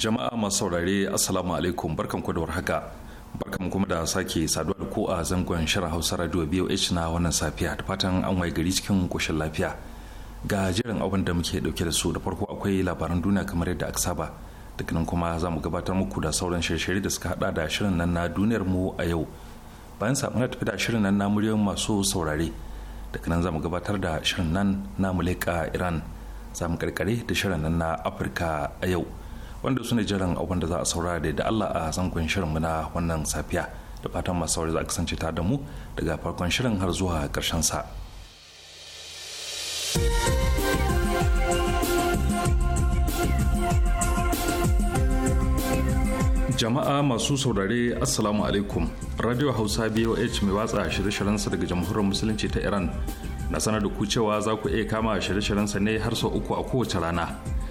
jama'a masu saurare assalamu alaikum barkan ku da warhaka barkan kuma da sake saduwa da ku a zangon shirin hausa radio boh na wannan safiya da fatan an waye gari cikin koshin lafiya ga jiran abin da muke dauke da su da farko akwai labaran duniya kamar yadda aka saba daga nan kuma za mu gabatar muku da sauran shirye-shirye da suka hada da shirin nan na duniyar mu a yau bayan samu na tafi da shirin nan na muryoyin masu saurare daga nan za mu gabatar da shirin nan na muleka iran za mu karkare da shirin nan na afirka a yau wanda su ne jiran abin da za a saurara da Allah a zangon shirinmu na wannan safiya da fatan masu saurari za a kasance ta da mu daga farkon shirin har zuwa karshen sa. jama'a masu saurare assalamu alaikum radio hausa boh mai watsa shirye sa daga jamhuriyar musulunci ta iran na sanar da ku cewa za ku iya kama shirye sa ne har sau uku a kowace rana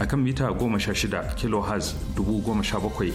a kan mita 16 kHz 17,595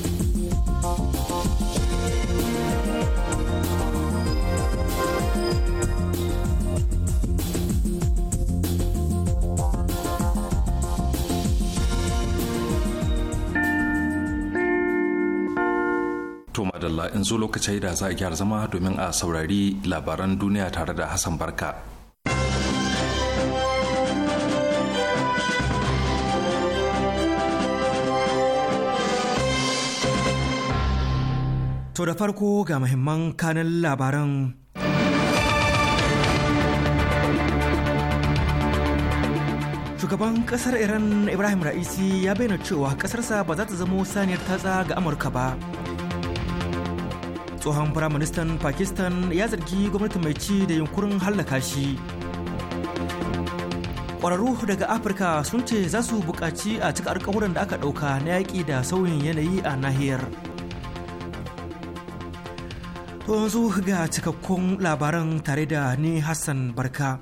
madalla in zo lokacin da za a gyara zama domin a saurari labaran duniya tare da Hassan Barka. To da farko ga muhimman kanan labaran shugaban kasar iran ibrahim ra'isi ya bayyana cewa kasarsa ba za ta zamo saniyar tatsa ga amurka ba tsohon firaministan pakistan ya zargi gwamnati mai ci da yunkurin hallaka shi kwararru daga afirka sun ce za su buƙaci a cika alkawuran da aka ɗauka na yaƙi da sauyin yanayi a nahiyar to yanzu ga cikakkun labaran tare da ni hassan barka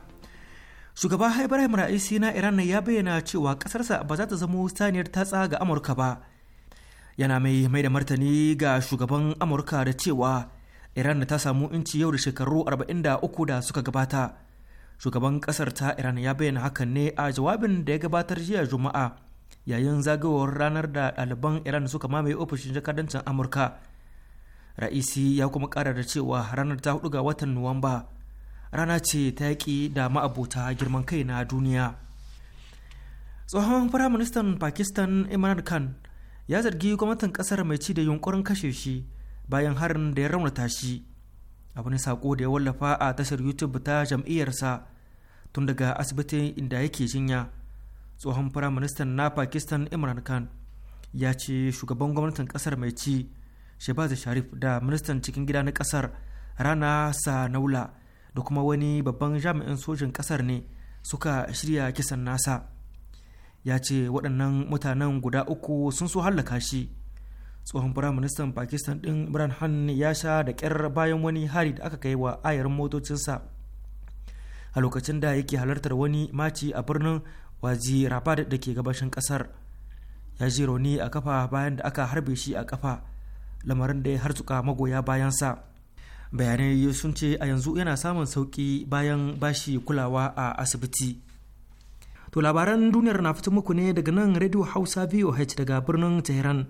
shugaba ibrahim ra'isi na iran ya bayyana cewa ƙasarsa ba za ta zamo saniyar tatsa ga amurka ba yana mai mai da martani ga shugaban amurka da cewa iran da ta samu inci yau da shekaru 43 da suka gabata shugaban kasar ta iran ya bayyana hakan ne a jawabin da ya gabatar jiya juma'a yayin zagayowar ranar da ɗaliban iran suka mamaye ofishin jakadancin amurka ra'isi ya kuma ƙara da cewa ranar ta hudu ga watan nuwamba rana ce ta yaƙi da ma'abota girman kai na duniya tsohon firaministan pakistan imran khan ya zargi gwamnatin kasar mai ci da yunkurin kashe shi bayan harin da ya raunata shi a wani sako da ya wallafa a tashar youtube ta jam'iyyarsa tun daga asibitin inda yake jinya tsohon firaministan na pakistan imran khan ya ce shugaban gwamnatin kasar mai ci shebaz sharif da ministan cikin gida na kasar rana sa na'ula da kuma wani babban jami'in sojin kasar ne suka shirya kisan nasa ya ce waɗannan mutanen guda uku sun so hallaka shi tsohon firaministan pakistan ɗin imran han ya sha da ƙyar bayan wani hari da aka kai wa ayarin motocinsa a lokacin da yake halartar wani maci a birnin waji rabat da ke gabashin ƙasar ya ji rauni a kafa bayan da aka harbe shi a kafa lamarin da ya harzuka magoya bayansa bayanai sun ce a yanzu yana samun sauki bayan bashi kulawa a asibiti To labaran duniyar na fito muku ne daga nan Radio Hausa VOH daga birnin Tehran.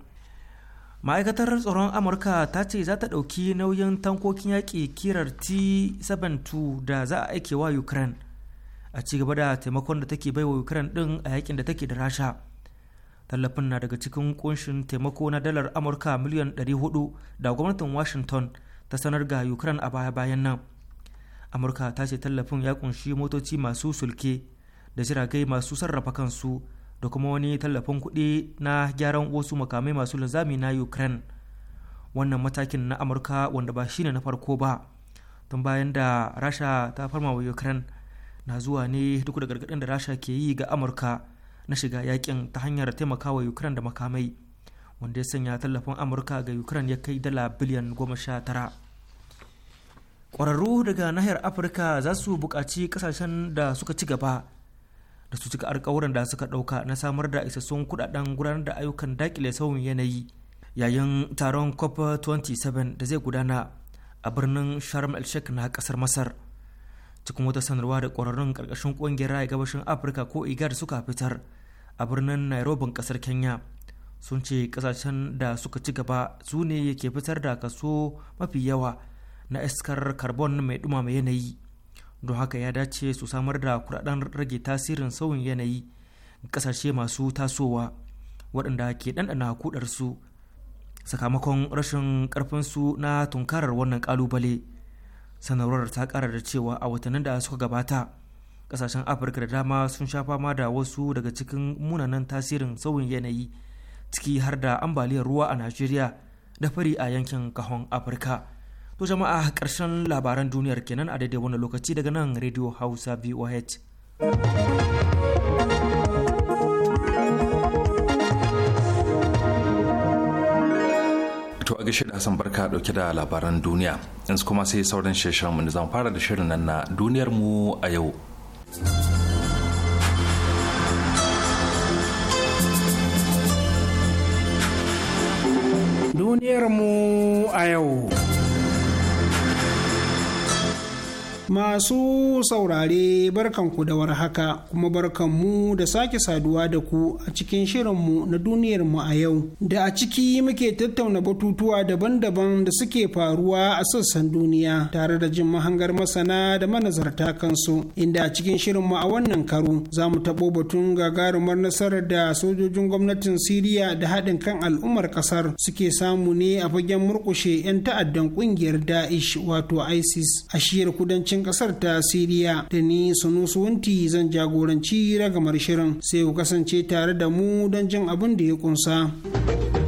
Ma'aikatar tsaron Amurka ta ce za ta ɗauki nauyin tankokin yaƙi kirar T-72 da za a aike wa Ukraine a ci gaba da taimakon da take baiwa Ukraine ɗin a yakin da take da Rasha. Tallafin na daga cikin kunshin taimako na dalar Amurka miliyan 400 da gwamnatin Washington ta sanar ga Ukraine a baya-bayan nan. Amurka ta ce tallafin ya kunshi motoci masu sulke da jiragai masu sarrafa kansu da kuma wani tallafin kuɗi na gyaran wasu makamai masu linzami na ukraine wannan matakin na amurka wanda ba shine na farko ba tun bayan da rasha ta farma wa ukraine na zuwa ne duk da gargaɗin da rasha ke yi ga amurka na shiga yakin ta hanyar taimaka wa ukraine da makamai wanda ya sanya tallafin amurka ga ukraine ya kai dala biliyan goma sha tara ƙwararru daga nahiyar afirka za su buƙaci ƙasashen da suka ci gaba da su cika alkawuran da suka ɗauka na samar da isassun kudaden gudanar da ayyukan dakile sauyin yanayi yayin taron cop 27 da zai gudana a birnin sharm el sheikh na kasar masar cikin wata sanarwa da kwararrun ƙarƙashin ƙungiyar raya gabashin afirka ko igar suka fitar a birnin nairobi kasar kenya sun ce kasashen da suka ci gaba su ne ke fitar da kaso mafi yawa na iskar carbon mai dumama yanayi don haka ya dace su samar da kudaden rage tasirin sauyin yanayi kasashe masu tasowa waɗanda ke ɗanɗana kudarsu sakamakon rashin ƙarfinsu na tunkarar wannan ƙalubale sanarwar ta ƙara da cewa a watannin da suka gabata ƙasashen afirka da dama sun sha fama da wasu daga cikin munanan tasirin sauyin yanayi ciki har da ambaliyar ruwa a najeriya da fari a yankin kahon afirka to jama'a ƙarshen labaran duniyar kenan a daidai wani lokaci daga nan radio hausa voh to a gashi da Hassan barka dauke da labaran duniya yanzu kuma sai sauran shirin mu zan fara da shirin nan na duniyar mu a yau duniyar mu a yau Masu saurare barkanku da warhaka kuma barkanmu da sake saduwa da ku a cikin shirinmu na duniyarmu a yau da a ciki muke tattauna batutuwa daban-daban da suke faruwa a sassan duniya tare da jin mahangar masana da manazarta kansu inda a cikin shirinmu a wannan karu. za mu taɓo batun gagarumar nasarar da sojojin gwamnatin Siriya da haɗin kan al'ummar ƙasar suke samu ne a fagen murƙushe 'yan ta'addan ƙungiyar Da'ish wato ISIS a shiyar kudancin cikin kasar ta siriya da ni sunusuwanti zan jagoranci ragamar shirin sai ku kasance tare da mu don jin abin da ya kunsa.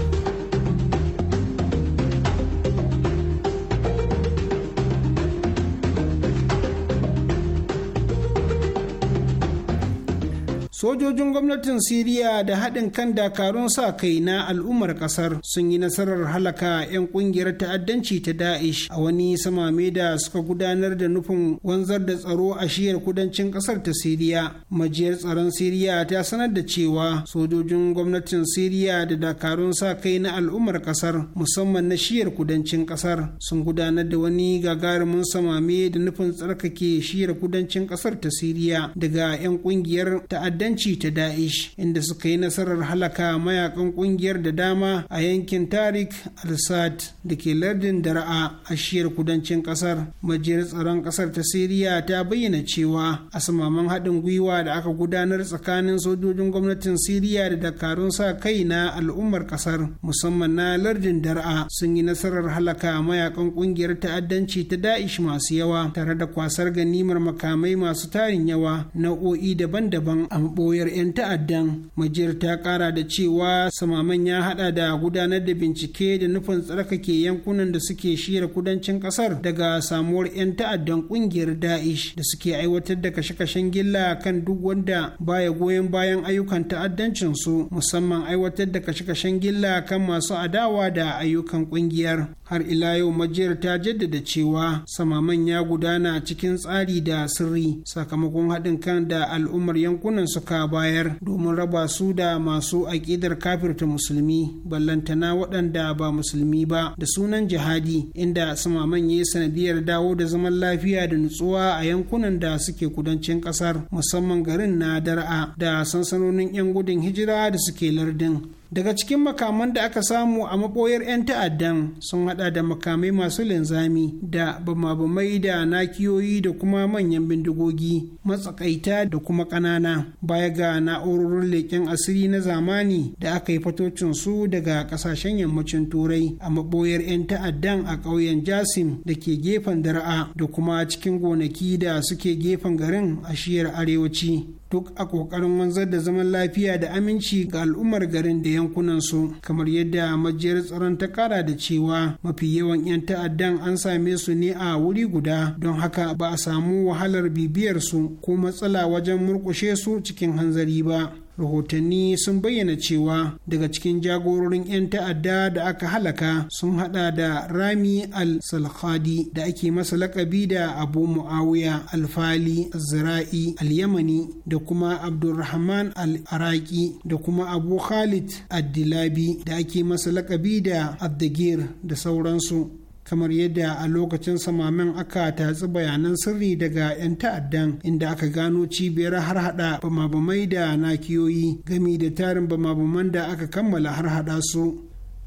sojojin gwamnatin siriya da haɗin kan dakarun sa kai na al'ummar ƙasar sun yi nasarar halaka 'yan ƙungiyar ta'addanci ta da'ish a wani samame da suka gudanar da nufin wanzar da tsaro a shiyar kudancin ƙasar ta siriya majiyar tsaron siriya ta sanar da cewa sojojin gwamnatin siriya da dakarun sa kai na al'ummar ƙasar musamman na shiyar kudancin ƙasar sun gudanar da wani gagarumin samame da nufin tsarkake shiyar kudancin ƙasar ta siriya daga 'yan ƙungiyar ta'addanci ta'addanci ta Da'ish inda suka yi nasarar halaka mayakan kungiyar da dama a yankin Tarik al-Sad da ke lardin ra'a a shiyar kudancin kasar. Majiyar tsaron kasar ta Siriya ta bayyana cewa asamaman haɗin gwiwa da aka gudanar tsakanin sojojin gwamnatin Siriya da dakarun sa kai na al'ummar kasar musamman na lardin ra'a sun yi nasarar halaka mayakan kungiyar ta'addanci ta Da'ish masu yawa tare da kwasar ganimar makamai masu tarin yawa nau'o'i daban-daban a koyar 'yan ta'addan majiyar ta kara da cewa samaman ya haɗa da gudanar da bincike da nufin tsarkake yankunan da suke shirya kudancin ƙasar daga samuwar 'yan ta'addan ƙungiyar da'ish da suke aiwatar da kashe-kashen gilla kan duk wanda baya goyon bayan ayyukan ta'addancin su musamman aiwatar da kashe-kashen gilla kan masu adawa da ayyukan ƙungiyar har ila yau majiyar ta jaddada cewa samaman ya gudana cikin tsari da sirri sakamakon haɗin kan da al'ummar yankunan suka suka bayar domin raba su da masu aƙidar kafirta musulmi ballantana waɗanda ba musulmi ba da sunan jihadi inda sumaman ya sanadiyar dawo da zaman lafiya da nutsuwa a yankunan da suke kudancin ƙasar musamman garin na dar'a da sansanonin 'yan gudun hijira da suke lardin daga cikin makaman da aka samu a maboyar 'yan ta'addan sun hada da makamai masu linzami da bamabamai da nakiyoyi da kuma manyan bindigogi matsakaita da kuma ƙanana baya ga na'urorin leƙen asiri na zamani da aka yi fatocin su daga ƙasashen yammacin turai a maboyar 'yan ta'addan a ƙauyen jasim da ke gefen dara'a da kuma cikin gonaki da suke gefen garin a shiyar arewaci duk a ƙoƙarin wanzar da zaman lafiya da aminci ga al'ummar garin da yankunan su kamar yadda majiyar tsaron ta kara da cewa mafi yawan 'yan ta'addan an same su ne a wuri guda don haka ba a samu wahalar bibiyar su ko matsala wajen murƙushe su cikin hanzari ba rahotanni sun bayyana cewa daga cikin jagororin 'yan ta'adda da aka halaka sun hada da rami al-salkhadi da ake masa lakabi da abu muawiya alfali zira'i al-yamani da kuma abdulrahman al-araki da kuma abu khalid ad-dilabi da ake masa lakabi da addagir da sauransu kamar yadda a lokacin samamin aka tatsi bayanan sirri daga 'yan ta'addan inda aka gano cibiyar har hada bamabamai da nakiyoyi gami da tarin bamabaman da aka kammala har hada su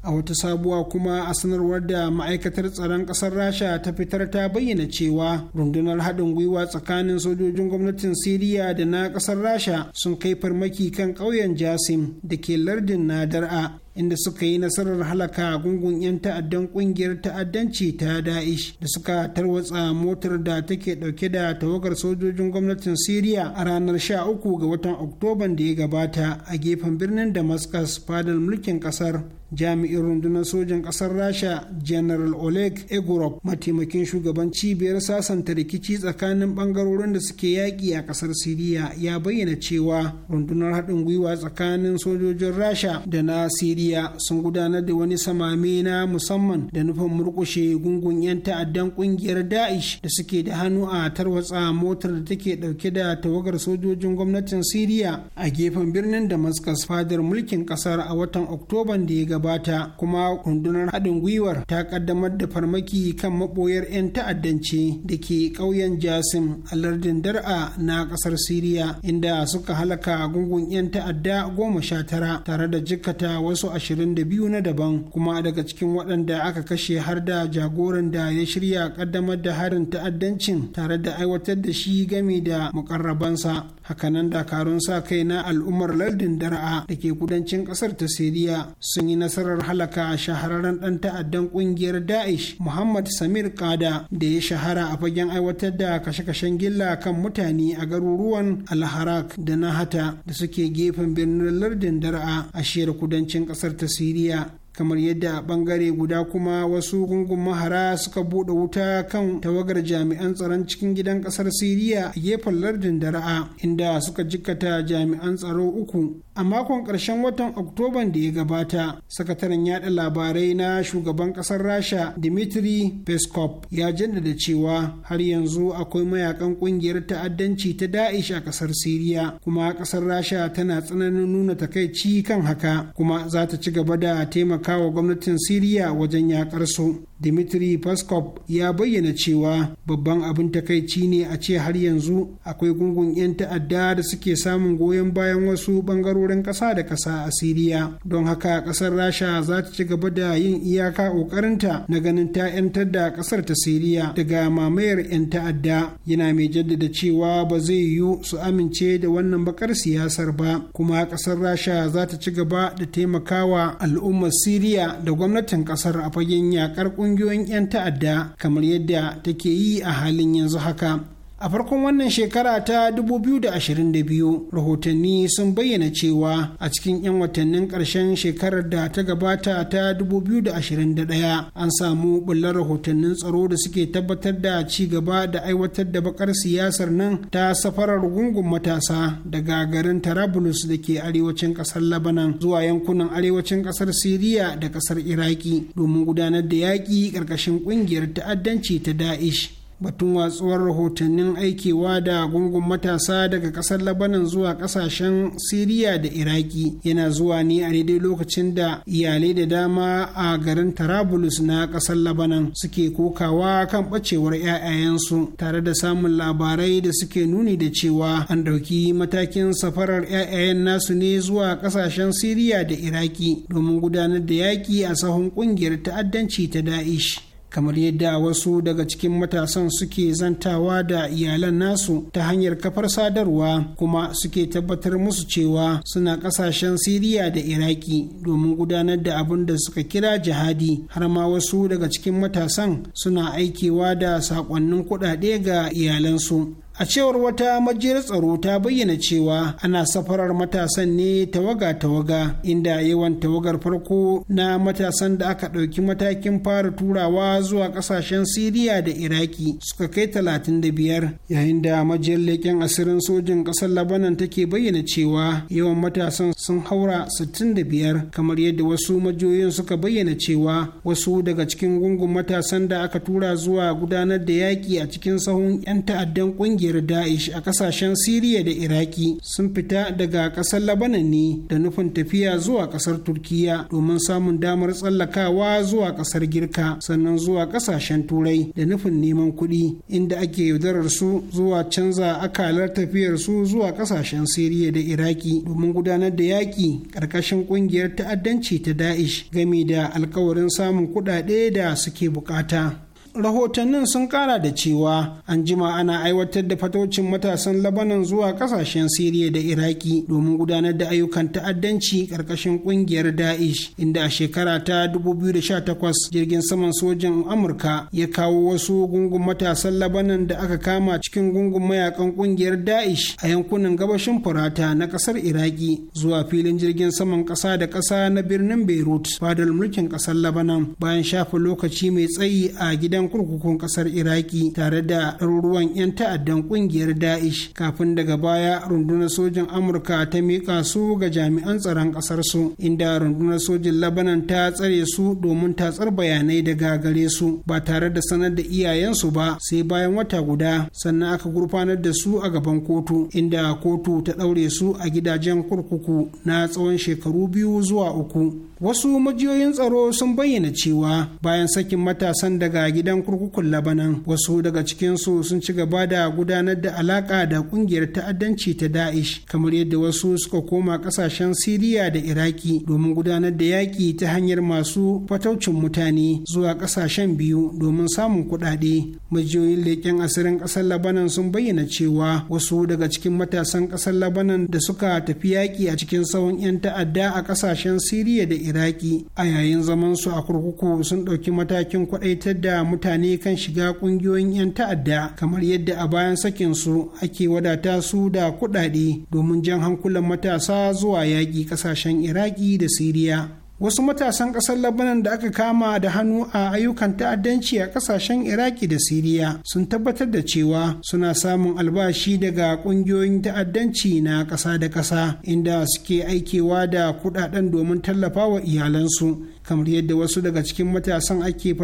a wata sabuwa kuma a sanarwar da ma'aikatar tsaron ƙasar rasha ta fitar ta bayyana cewa rundunar haɗin gwiwa tsakanin sojojin gwamnatin siriya da na ƙasar rasha sun kai farmaki kan ƙauyen jasim da ke lardin nadar'a inda suka yi nasarar halaka gungun 'yan ta'addan kungiyar ta'addanci ta da'ish da suka tarwatsa motar da take dauke da tawagar sojojin gwamnatin syria a ranar 13 ga watan oktoban da ya gabata a gefen birnin damascus fadar mulkin kasar jami'in rundunar sojan ƙasar rasha general oleg egorov mataimakin shugaban cibiyar sasanta rikici tsakanin bangarorin da suke yaƙi a ƙasar siriya ya bayyana cewa rundunar haɗin gwiwa tsakanin sojojin rasha da na siriya sun gudanar da wani samame na musamman da nufin murƙushe gungun 'yan ta'addan ƙungiyar da'ish da suke da hannu a tarwatsa motar da take ɗauke da tawagar sojojin gwamnatin siriya a gefen birnin damascus fadar mulkin ƙasar a watan oktoban da ya gaba. gabata kuma kundunar haɗin gwiwar ta kaddamar da farmaki kan maɓoyar 'yan ta'addance da ke ƙauyen jasim a lardin dar'a na ƙasar siriya inda suka halaka gungun 'yan ta'adda goma sha tara tare da jikkata wasu ashirin da biyu na daban kuma daga cikin waɗanda aka kashe har da jagoran da ya shirya kaddamar da harin ta'addancin tare da aiwatar da shi game da mukarrabansa hakanan dakarun sa kai na al'ummar lardin dara'a da ke kudancin kasar ta siriya sun yi nasarar halaka shahararren dan ta'addan kungiyar da'ish muhammad samir kada da ya shahara a fagen aiwatar da kashe-kashen gilla kan mutane a garuruwan alharak da nahata da suke gefen birnin lardin dara'a a shiyar kudancin kasar ta siriya kamar yadda a bangare guda kuma wasu gungun mahara suka bude wuta kan tawagar jami'an tsaron cikin gidan kasar siriya a gefen lardin da dara'a inda suka jikkata jami'an tsaro uku a makon ƙarshen watan oktoban da ya gabata sakataren yada labarai na shugaban kasar rasha dimitri peskov ya jaddada cewa har yanzu akwai mayakan kungiyar ta'addanci ta da'ish a kasar siriya kuma kasar rasha tana tsananin nuna takaici kan haka kuma za ta ci gaba da taimaka wa gwamnatin siriya wajen yakar su dimitri peskov ya bayyana cewa babban abin takaici ne a ce har yanzu akwai gungun 'yan ta'adda da suke samun goyon bayan wasu bangarorin ƙasa da ƙasa a siriya don haka ƙasar rasha za ta ci gaba da yin iyaka ƙoƙarinta na ganin ta 'yantar da ƙasar ta siriya daga mamayar 'yan ta'adda yana mai jaddada cewa ba zai yiwu su amince da wannan bakar siyasar ba kuma ƙasar rasha za ta ci gaba da taimakawa al'ummar siriya siriya da gwamnatin kasar a fagen yakar kungiyoyin 'yan ta'adda kamar yadda take yi a halin yanzu haka A farkon wannan shekara ta 2022, rahotanni sun bayyana cewa a cikin 'yan watannin ƙarshen shekarar da ta gabata ta 2021 an samu bullar rahotannin tsaro da suke tabbatar da ci gaba da aiwatar da bakar siyasar nan ta safarar gungun matasa daga garin Tarabulus da ke arewacin ƙasar Labanan zuwa yankunan arewacin ƙasar Siriya da ƙasar Iraki domin gudanar da yaƙi ƙarƙashin ƙungiyar ta'addanci ta Da'ish. batun watsuwar rahotannin aikewa da gungun matasa daga kasar labanan zuwa kasashen siriya da iraki yana zuwa ne a daidai lokacin da iyalai da dama a garin tarabulus na kasar labanan suke kokawa kan bacewar 'ya'yayensu tare da samun labarai da suke nuni da cewa an ɗauki matakin safarar 'ya'yayen nasu ne zuwa kasashen siriya da iraki domin gudanar da yaƙi a sahun ƙungiyar ta'addanci ta da'ish kamar yadda wasu daga cikin matasan suke zantawa da iyalan nasu ta hanyar kafar sadarwa kuma suke tabbatar musu cewa suna kasashen siriya da iraki domin gudanar da abin da suka kira jihadi har ma wasu daga cikin matasan suna aikewa da sakonnin kuɗaɗe ga iyalansu a cewar wata majiyar tsaro ta bayyana cewa ana safarar matasan ne tawaga-tawaga inda yawan tawagar farko na matasan da aka ɗauki matakin fara turawa zuwa ƙasashen siriya da iraki suka kai 35 yayin da majiyar leƙen asirin sojin ƙasar labanan take bayyana cewa yawan matasan sun haura 65 kamar yadda wasu majiyoyin suka bayyana cewa wasu daga cikin gungun matasan da aka tura zuwa gudanar da yaƙi a cikin sahun 'yan ta'addan ƙungiyar kungiyar Da'ish a kasashen Siriya da Iraki sun fita daga kasar Labanan ne da nufin tafiya zuwa kasar Turkiya domin samun damar tsallakawa zuwa kasar Girka sannan zuwa kasashen Turai da nufin neman kuɗi inda ake yaudarar su zuwa canza akalar tafiyar su zuwa kasashen Siriya da Iraki domin gudanar da yaƙi ƙarƙashin kungiyar ta'addanci ta Da'ish game da alkawarin samun kuɗaɗe da suke bukata. rahotannin sun kara da cewa an jima ana aiwatar da fatocin matasan labanan zuwa kasashen siriya da iraki domin gudanar da ayyukan ta'addanci karkashin kungiyar da'ish inda a shekara ta 2018 jirgin saman sojin amurka ya kawo wasu gungun matasan labanan da aka kama cikin gungun mayakan kungiyar da'ish a yankunan gabashin furata na kasar iraki zuwa filin jirgin saman kasa da kasa na birnin beirut fadar mulkin kasar labanan bayan shafa lokaci mai tsayi a gidan gidajen kurkukun kasar iraki tare da ɗaruruwan 'yan ta'addan ƙungiyar da'ish kafin daga baya rundunar sojin amurka ta miƙa su ga jami'an tsaron ƙasar su inda rundunar sojin labanan ta tsare su domin tatsar bayanai daga gare su ba tare da sanar da iyayensu ba sai bayan wata guda sannan aka gurfanar da su a gaban kotu inda kotu ta ɗaure su a gidajen kurkuku na tsawon shekaru biyu zuwa uku wasu majiyoyin tsaro sun bayyana cewa bayan sakin matasan daga gidan kurkukun labanan wasu daga cikinsu sun ci gaba da gudanar da alaka da kungiyar ta'addanci ta da'ish kamar yadda wasu suka koma kasashen siriya da iraki domin gudanar da yaƙi ta hanyar masu fataucin mutane zuwa kasashen biyu domin samun kuɗaɗe majiyoyin leƙen asirin ƙasar labanan sun bayyana cewa wasu daga cikin matasan ƙasar labanan da suka tafi yaƙi a cikin tsawon 'yan ta'adda a ƙasashen siriya da iraki a yayin zaman su a kurkuku sun ɗauki matakin kwaɗaitar da mutane kan shiga ƙungiyoyin 'yan ta'adda kamar yadda a bayan sakin su ake wadata su da kuɗaɗe domin jan hankulan matasa zuwa yaƙi ƙasashen iraki da siriya wasu matasan ƙasar labanan da aka kama da hannu a ayyukan ta'addanci a ƙasashen iraki da siriya sun tabbatar da cewa suna samun albashi daga ƙungiyoyin ta'addanci na ƙasa da ƙasa inda suke aikewa da kuɗaɗen domin tallafa wa iyalansu kamar yadda wasu daga cikin matasan ake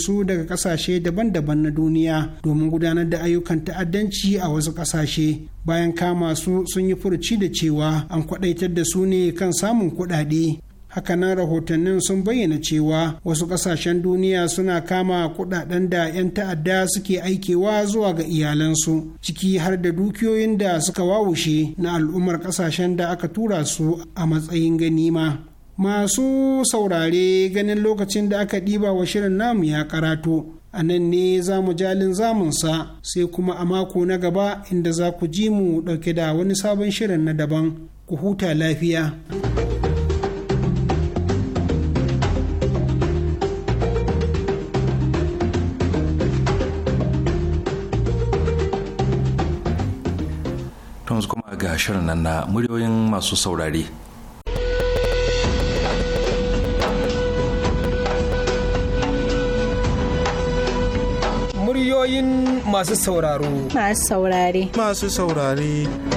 su daga ƙasashe daban-daban na duniya domin gudanar da ayyukan ta'addanci a wasu ƙasashe bayan kama su sun yi furuci da cewa an kwaɗaitar da su ne kan samun kuɗaɗe hakanan rahotannin sun bayyana cewa wasu kasashen duniya suna kama kudaden da 'yan ta'adda suke aikewa zuwa ga iyalansu ciki har da dukiyoyin da suka wawushe na al'ummar kasashen da aka tura su a matsayin ganima masu saurare ganin lokacin da aka ɗiba wa shirin namu ya karato a nan ne za mu jalin zamunsa sai kuma a mako na gaba inda za ku ji mu ɗauke da wani sabon shirin na daban ku huta lafiya. shirin nan na muryoyin masu saurare. Muryoyin masu sauraro. Masu saurare. Masu saurare.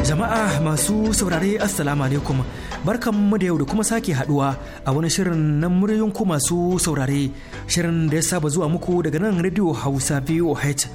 Jama'a masu saurare Assalamu alaikum. Barkanmu da yau da kuma sake haduwa a wani shirin na muryoyin ku masu saurare. Shirin da ya saba zuwa muku daga nan Radio Hausa VOH.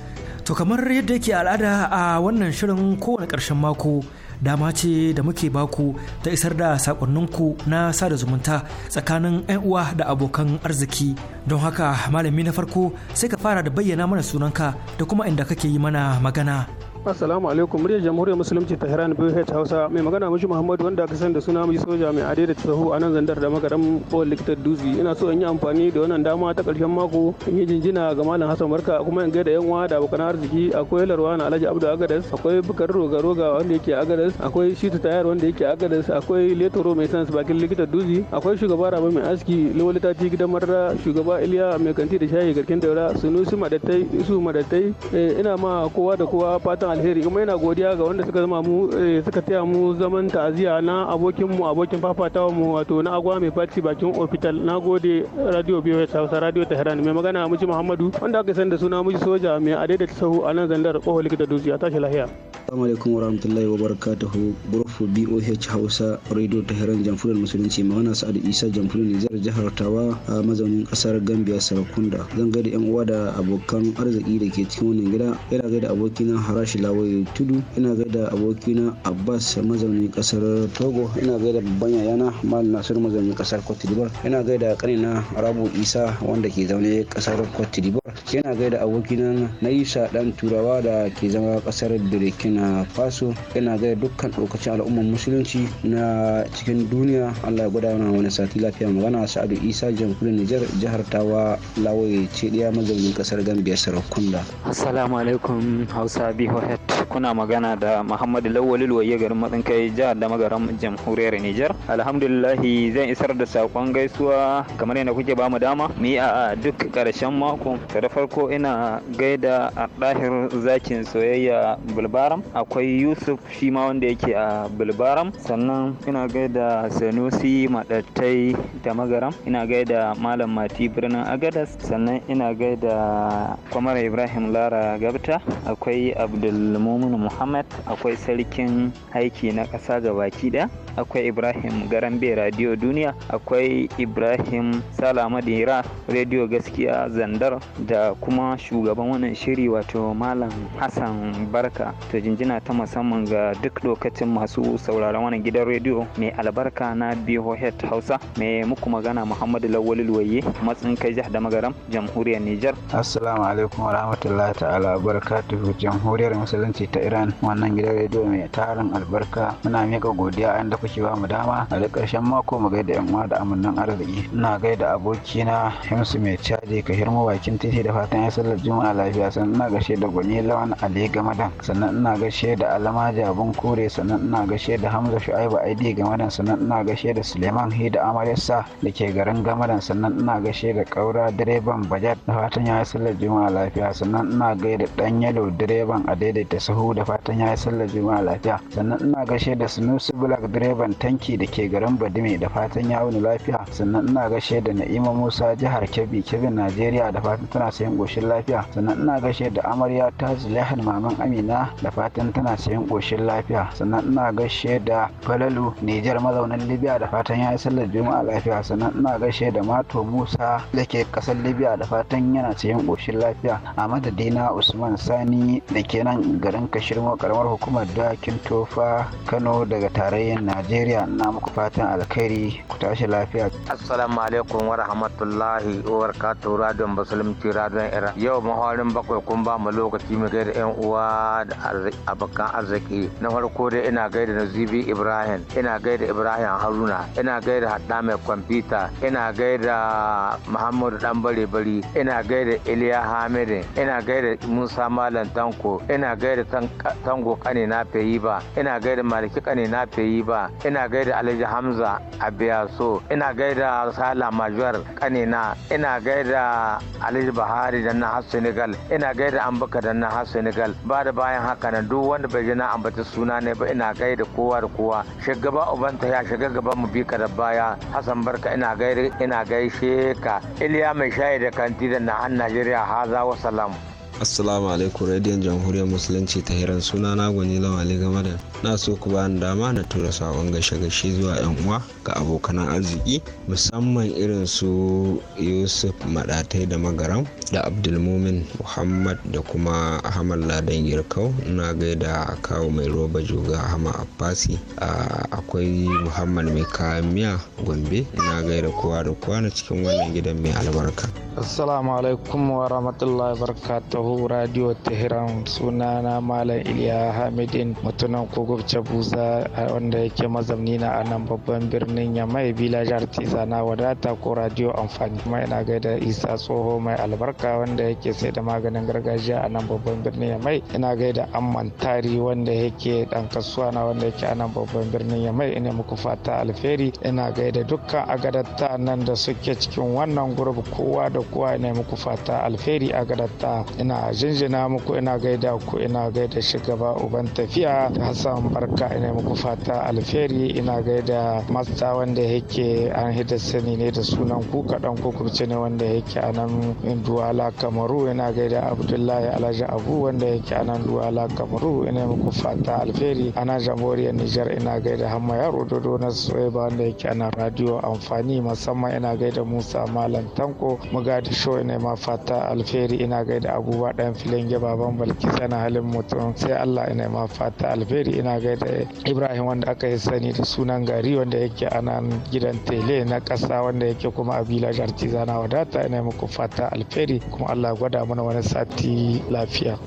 To kamar yadda yake al'ada a wannan shirin kowane ƙarshen mako dama ce da muke baku ta isar da sakonninku na sada zumunta tsakanin 'yan uwa da abokan arziki don haka malami na farko sai ka fara da bayyana mana sunanka da kuma inda kake yi mana magana. Assalamu alaikum muryar jamhuriyar musulunci ta Iran BH Hausa mai magana mishi Muhammadu wanda aka sani da suna mai soja mai adai da tsaho a nan zandar da makaram kowar likitar duzi ina so in yi amfani da wannan dama ta ƙarshen mako in yi jinjina ga malam Hassan Barka kuma in gaida yan uwa da abokan arziki akwai Larwa na Alhaji Abdu Agadas akwai Bukar Roga Roga wanda yake Agadas akwai Shitu Tayar wanda yake Agadas akwai Letoro mai sans bakin likitar duzi akwai shugaba Rabi mai aski Lawali Tati gidan Marra shugaba Iliya mai kanti da shayi garkin daura Sunusi Madattai Isu Madattai eh, ina ma kowa da kowa fatan alheri kuma yana godiya ga wanda suka zama mu eh, suka taya mu zaman ta'aziyya na abokin mu abokin fafatawa mu wato na agwa mai faci bakin ofital na gode radio ya hausa radio tehran mai magana muji muhammadu wanda aka san da suna muji soja mai adai sahu a nan zandar kohol likita dutse a tashi lahiya assalamu alaikum warahmatullahi wabarakatuhu burfu boh hausa radio tehran jamhuriyar musulunci magana sa'adu isa jamhuriyar nijar jihar tawa a mazaunin kasar gambia sarakunda zan gaida yan uwa da abokan arziki da ke cikin wannan gida yana gaida abokina harashi lawoyi tudu ina gaida abokina abbas mazaunin kasar togo ina gaida babban yayana mal nasir mazaunin kasar cote d'ivoire ina gaida kanina rabu isa wanda ke zaune kasar cote d'ivoire yana gaida abokina na isa dan turawa da ke zama kasar burkina faso yana gaida dukkan dokacin al'ummar musulunci na cikin duniya allah ya gudana wani sati lafiya magana sa'adu isa jamhuriyar nijar jihar tawa lawoyi ce daya mazaunin kasar gambia sarakunda assalamu alaikum hausa biyu Bahat kuna magana da Muhammadu Lawalul Waye garin matsin kai jihar da magaram jamhuriyar Nijar. Alhamdulillahi zan isar da sakon gaisuwa kamar yadda kuke bamu dama mu a duk karshen mako. Da farko ina gaida a ɗahir zakin soyayya Bulbaram akwai Yusuf shi ma wanda yake a Bulbaram sannan ina gaida Sanusi Madattai da magaram ina gaida Malam Mati birnin Agadas sannan ina gaida Kwamar Ibrahim Lara Gabta akwai Abdul abdulmumin muhammad akwai sarkin aiki na ƙasa gabaki ɗaya akwai ibrahim garambe radio duniya akwai ibrahim salama dira radio gaskiya zandar da kuma shugaban wannan shiri wato malam hassan barka to jinjina ta musamman ga duk lokacin masu sauraron wannan gidan radio mai albarka na bihohet hausa mai muku magana muhammadu lawalul luwaye matsin kai jihar da magaram jamhuriyar niger assalamu alaikum warahmatullahi ta'ala barakatuhu jamhuriyar musulunci ta iran wannan gidan radio mai tarin albarka muna miƙa godiya an da kuke ba mu dama a da ƙarshen mako mu gaida yan uwa da amannan arziki ina gaida abokina himsu mai caji ka hirmu bakin titi da fatan ya sallar juma'a lafiya sannan ina gashe da gwani lawan ali gamadan sannan ina gashe da alama jabun kure sannan ina gashe da hamza shu'aibu id gamadan sannan ina gashe da suleiman hida amaryarsa da ke garin gamadan sannan ina gashe da kaura direban bajet. da fatan ya sallar juma'a lafiya sannan ina gaida dan yalo direban a daidaita sahu da fatan ya sallar juma'a lafiya sannan ina gashe da sunusu black direban direban tanki da ke garin Badime da fatan ya wuni lafiya sannan ina gashe da Na'ima Musa jihar Kebbi kebbin Najeriya da fatan tana sayan goshin lafiya sannan ina gashe da amarya ta Zulaihan Maman Amina da fatan tana sayan goshin lafiya sannan ina gashe da Falalu Nijar mazaunin Libya da fatan ya yi sallar Juma'a lafiya sannan ina gashe da Mato Musa da ke kasar Libya da fatan yana sayan goshin lafiya a madadina Usman Sani da ke nan garin Kashirmo karamar hukumar Dakin Tofa Kano daga tarayyar Najeriya. Najeriya na muku fatan alkhairi ku tashi lafiya. Assalamu alaikum wa rahmatullahi wa barakatuhu radon musulunci radio era Yau mahawarin bakwai kun ba mu lokaci mu gaida yan uwa da abokan arziki. Na farko dai ina gaida na zibi Ibrahim, ina gaida Ibrahim Haruna, ina gaida Hadda mai kwamfuta, ina gaida Muhammadu Dan Bare Bari, ina gaida Iliya Hamidin, ina gaida Musa Malam Tanko, ina gaida Tango Kane na Feyi ba, ina gaida Maliki Kane na Feyi ba, ina gaida alhaji hamza a abiyaso ina gaida sala majuwar kanina ina gaida alhaji bahari da na senegal ina gaida ambaka da na senegal ba da bayan haka nan duk wanda bai ji na ambaci suna ne ba ina gaida kowa da kowa shugaba ubanta ya shiga gaba mu bika da baya hassan barka ina gaida ina gaishe ka iliya mai shayi da kanti da na najeriya haza wa assalamu alaikum radiyon jamhuriyar musulunci ta hiran suna na gwani lawali game da na so ku bani dama na tura sabon gashe gashe zuwa yan uwa ga abokan arziki musamman irin su yusuf madatai da magaram da abdulmumin muhammad da kuma ahmad ladan yirkau na gaida kawo mai roba juga hama abbasi akwai muhammad mai kayan miya gombe na gaida kowa da kowa na cikin wannan gidan mai albarka assalamu alaikum wa rahmatullahi barakatuhu radio tehran sunana malam iliya hamidin mutunan kogobce buza wanda yake mazamni na anan babban birnin yamai bila jihar na wadata ko radio amfani kuma ina gaida isa tsoho mai albarka wanda yake sai da maganin gargajiya a nan babban birnin yamai ina gaida amman tari wanda yake dan kasuwa na wanda yake a nan babban birnin yamai ina muku fata alferi ina gaida dukkan agadatta nan da suke cikin wannan gurbi kowa da kowa ina muku fata alferi agadatta ina A jinjina muku ina gaida ku ina gaida shugaba uban tafiya hassan barka ina muku fata alferi ina gaida masta wanda yake an hida sani ne da sunan ku kaɗan kukurce ne wanda yake a nan duwala kamaru ina gaida abdullahi alhaji abu wanda yake a nan duwala kamaru ina muku fata alferi a nan nijar ina gaida hamma yaro dodo na soyaba wanda yake a nan radio amfani musamman ina gaida musa malam tanko mugadi show ina ma fata alferi ina gaida abu. uba dan filin gaba ban balki sana halin mutum sai Allah ina ma fata alheri ina gaida Ibrahim wanda aka yi sani da sunan gari wanda yake a nan gidan tele na ƙasa wanda yake kuma a village zana wadata ina muku fata alheri kuma Allah gwada mana wani sati lafiya.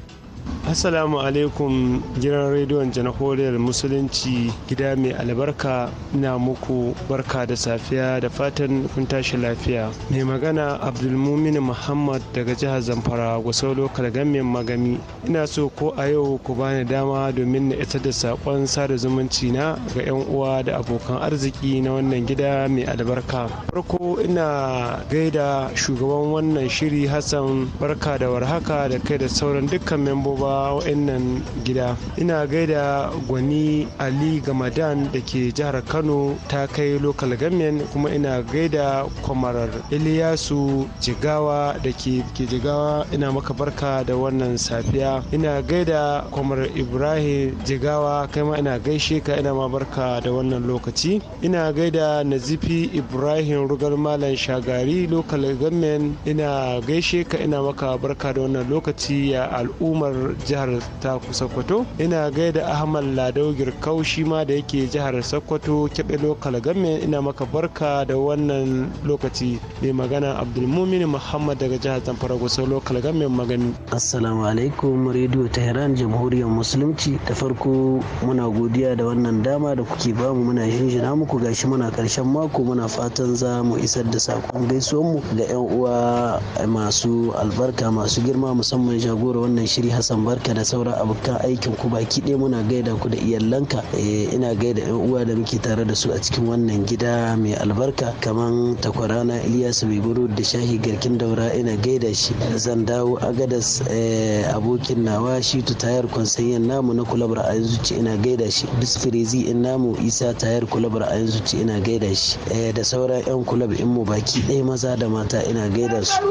Assalamu alaikum gidan rediyon janahoriyar musulunci gida mai albarka na muku barka da safiya da fatan kun tashi lafiya. Mai magana Abdulmumin Muhammad daga jihar Zamfara gusau lokal gamin magami. Ina so ko a yau ku bani dama domin na isar da saƙon sada zumunci na ga 'yan uwa da abokan arziki na wannan gida mai albarka. Farko ina gaida shugaban wannan shiri Hassan barka da warhaka da kai da sauran dukkan membobi ba wa'annan gida ina gaida gwani ali gamadan da ke jihar kano ta kai local government kuma ina gaida kwamarar iliyasu jigawa da ke jigawa ina maka barka da wannan safiya ina gaida kwamar ibrahim jigawa kai ma ina gaishe ka ina ma barka da wannan lokaci ina gaida nazifi ibrahim rugar malam shagari local government ina gaishe ka ina maka barka da wannan lokaci ya al'ummar jihar ta sokoto ina gaida ahmad ladau girkau shi ma da yake jihar sokoto kebe lokal game ina maka barka da wannan lokaci mai magana abdulmumin muhammad daga jihar zamfara gusa lokal game magani assalamu alaikum radio tehran jamhuriyar musulunci da farko muna godiya da wannan dama da kuke bamu muna jinjina muku gashi muna karshen mako muna fatan za mu isar da sakon gaisuwanmu ga yan uwa masu albarka masu girma musamman jagora wannan shiri hasan hassan barka da sauran abokan aikin ku baki ɗaya muna gaida ku da iyalanka eh, ina gaida yan uwa da muke tare da su a cikin wannan gida mai albarka kaman takwarana ilyasu mai da shahi garkin daura ina gaida shi zan dawo agadas eh, abokin nawa shi tu tayar kwansanyen namu na kulabar a yanzu ce ina gaida shi bisfirizi in namu isa tayar kulabar a yanzu ce ina gaida shi eh, da sauran yan kulab in mu baki ɗaya maza da mata ina gaida su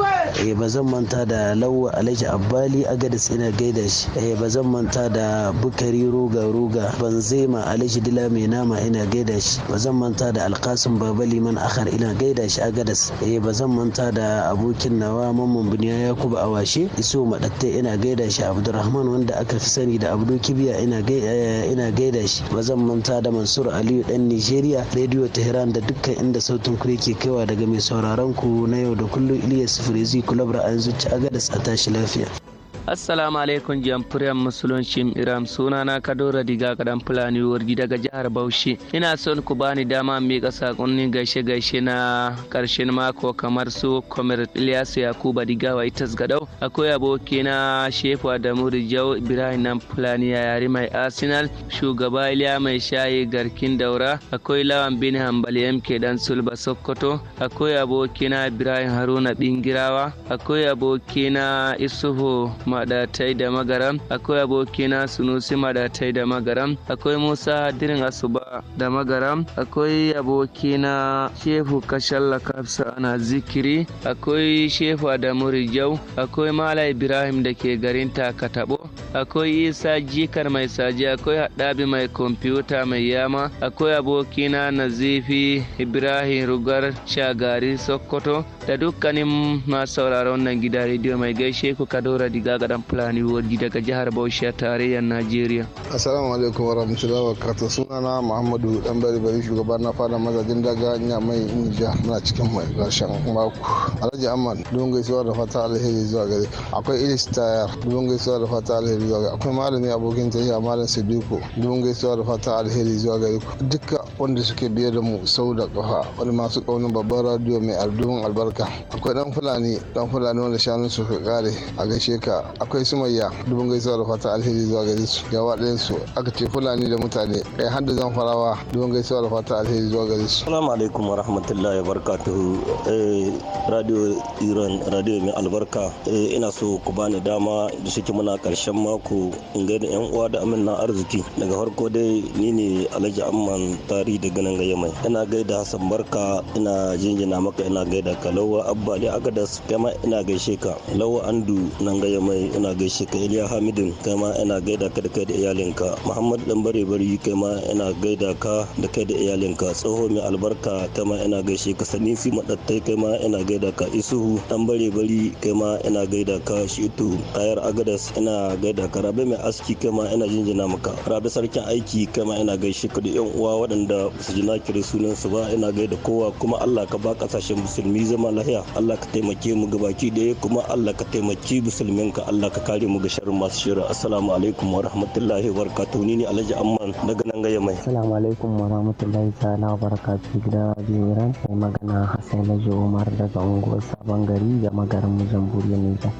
ba zan manta da lawa alhaji abbali agadas ina gaida da shi eh, ba zan manta da bukari ruga ruga banzema alhaji dila mai nama ina gaida shi ba zan manta da alkasim baba liman akhar ina gaida shi agadas eh ba zan manta da abokin nawa mamman buniya yakubu awashe iso madatta ina gaida shi abdurrahman wanda aka fi sani da abdu kibiya ina eh, ina gaida shi ba zan manta da mansur aliyu dan nigeria radio tehran da dukkan inda sautin ku yake kaiwa daga mai sauraron ku na yau da kullum iliyas firizi kulabra an zuci gadas a tashi lafiya assalamu alaikum jamfuriyar musuluncin iram sunana kadora diga kadan fulani wargi daga jihar bauchi ina son ku bani dama miƙa sakonnin gaishe gaishe na ƙarshen mako kamar su kwamar ilyasu yakuba wa itas gadau akwai aboki na shefu adamu jau ibrahim nan fulani yare mai arsenal shugaba iliya mai shayi garkin daura akwai lawan bin hambali mk dan sulba sokoto akwai aboki na ibrahim haruna bingirawa akwai aboki na isufu maɗatai da magaram akwai abokina sunusi maɗatai da magaram akwai musa hadirin asuba da magaram akwai abokina shefu kashalla kafsa ana zikiri akwai shehu adamu rijau akwai mala ibrahim da ke garin takatabo akwai isa jikar mai saji akwai haɗabi mai kwamfuta mai yama akwai abokina nazifi ibrahim rugar shagari sokoto da dukkanin masu sauraron nan gida rediyo mai gaishe ku kadora diga gadan fulani wadi daga jihar bauchi tarayyar najeriya assalamu alaikum warahmatullahi wabarakatuh sunana muhammadu dan bari bari shugaban na fada mazajin daga nya mai inja na cikin mai rashin mako alhaji amman dungai suwa da fata alheri zuwa gare akwai ilis tayar dungai suwa da fata alheri zuwa ga akwai malami abokin tafiya malam sadiku dubin gaisuwa da fata alheri zuwa gare ku duka wanda suke biye da mu sau da kafa wani masu kaunin babban radio mai ardumin albarka akwai dan fulani dan fulani wanda shanun su ka kare a gaishe ka akwai sumayya dubin gaisuwa da fata alheri zuwa gare su ga ɗayan su aka ce fulani da mutane kai har da farawa dubin gaisuwa da fata alheri zuwa gare su assalamu alaikum warahmatullahi wabarakatuhu eh, radio iran radio mai albarka eh, ina so ku bani dama da suke muna karshen ma naku in gaida yan uwa da amina arziki daga farko dai ni ne alhaji amman tarihi da ganin ga yamai ina gaida hassan barka ina jinjina maka ina gaida ka lawa abba ali agadas ma ina gaishe ka lawa andu nan ga yamai ina gaishe ka iliya hamidin ma ina gaida ka da kai da iyalinka muhammad dan bare bari ma ina gaida ka da kai da iyalinka tsoho mai albarka ma ina gaishe ka sanisi madattai ma ina gaida ka isuhu dan bare bari ma ina gaida ka shitu tayar agadas ina gaida haka rabe mai aski kai ma ina jinjina maka rabe sarkin aiki kai ma ina gaishe ka da yan uwa waɗanda su ji na kire sunan su ba ina gai da kowa kuma Allah ka ba kasashen musulmi zama lahiya Allah ka taimake mu gabaki ɗaya kuma Allah ka taimaki musulmin ka Allah ka kare mu ga sharrin masu shirya. assalamu alaikum wa rahmatullahi wa barakatuh ni ne Alhaji Amman daga nan gaya mai assalamu alaikum wa rahmatullahi ta'ala wa barakatuh gida Radio mai magana Hassan Lajo Umar daga unguwar Sabon Gari da magarin Jamhuriyar Nijar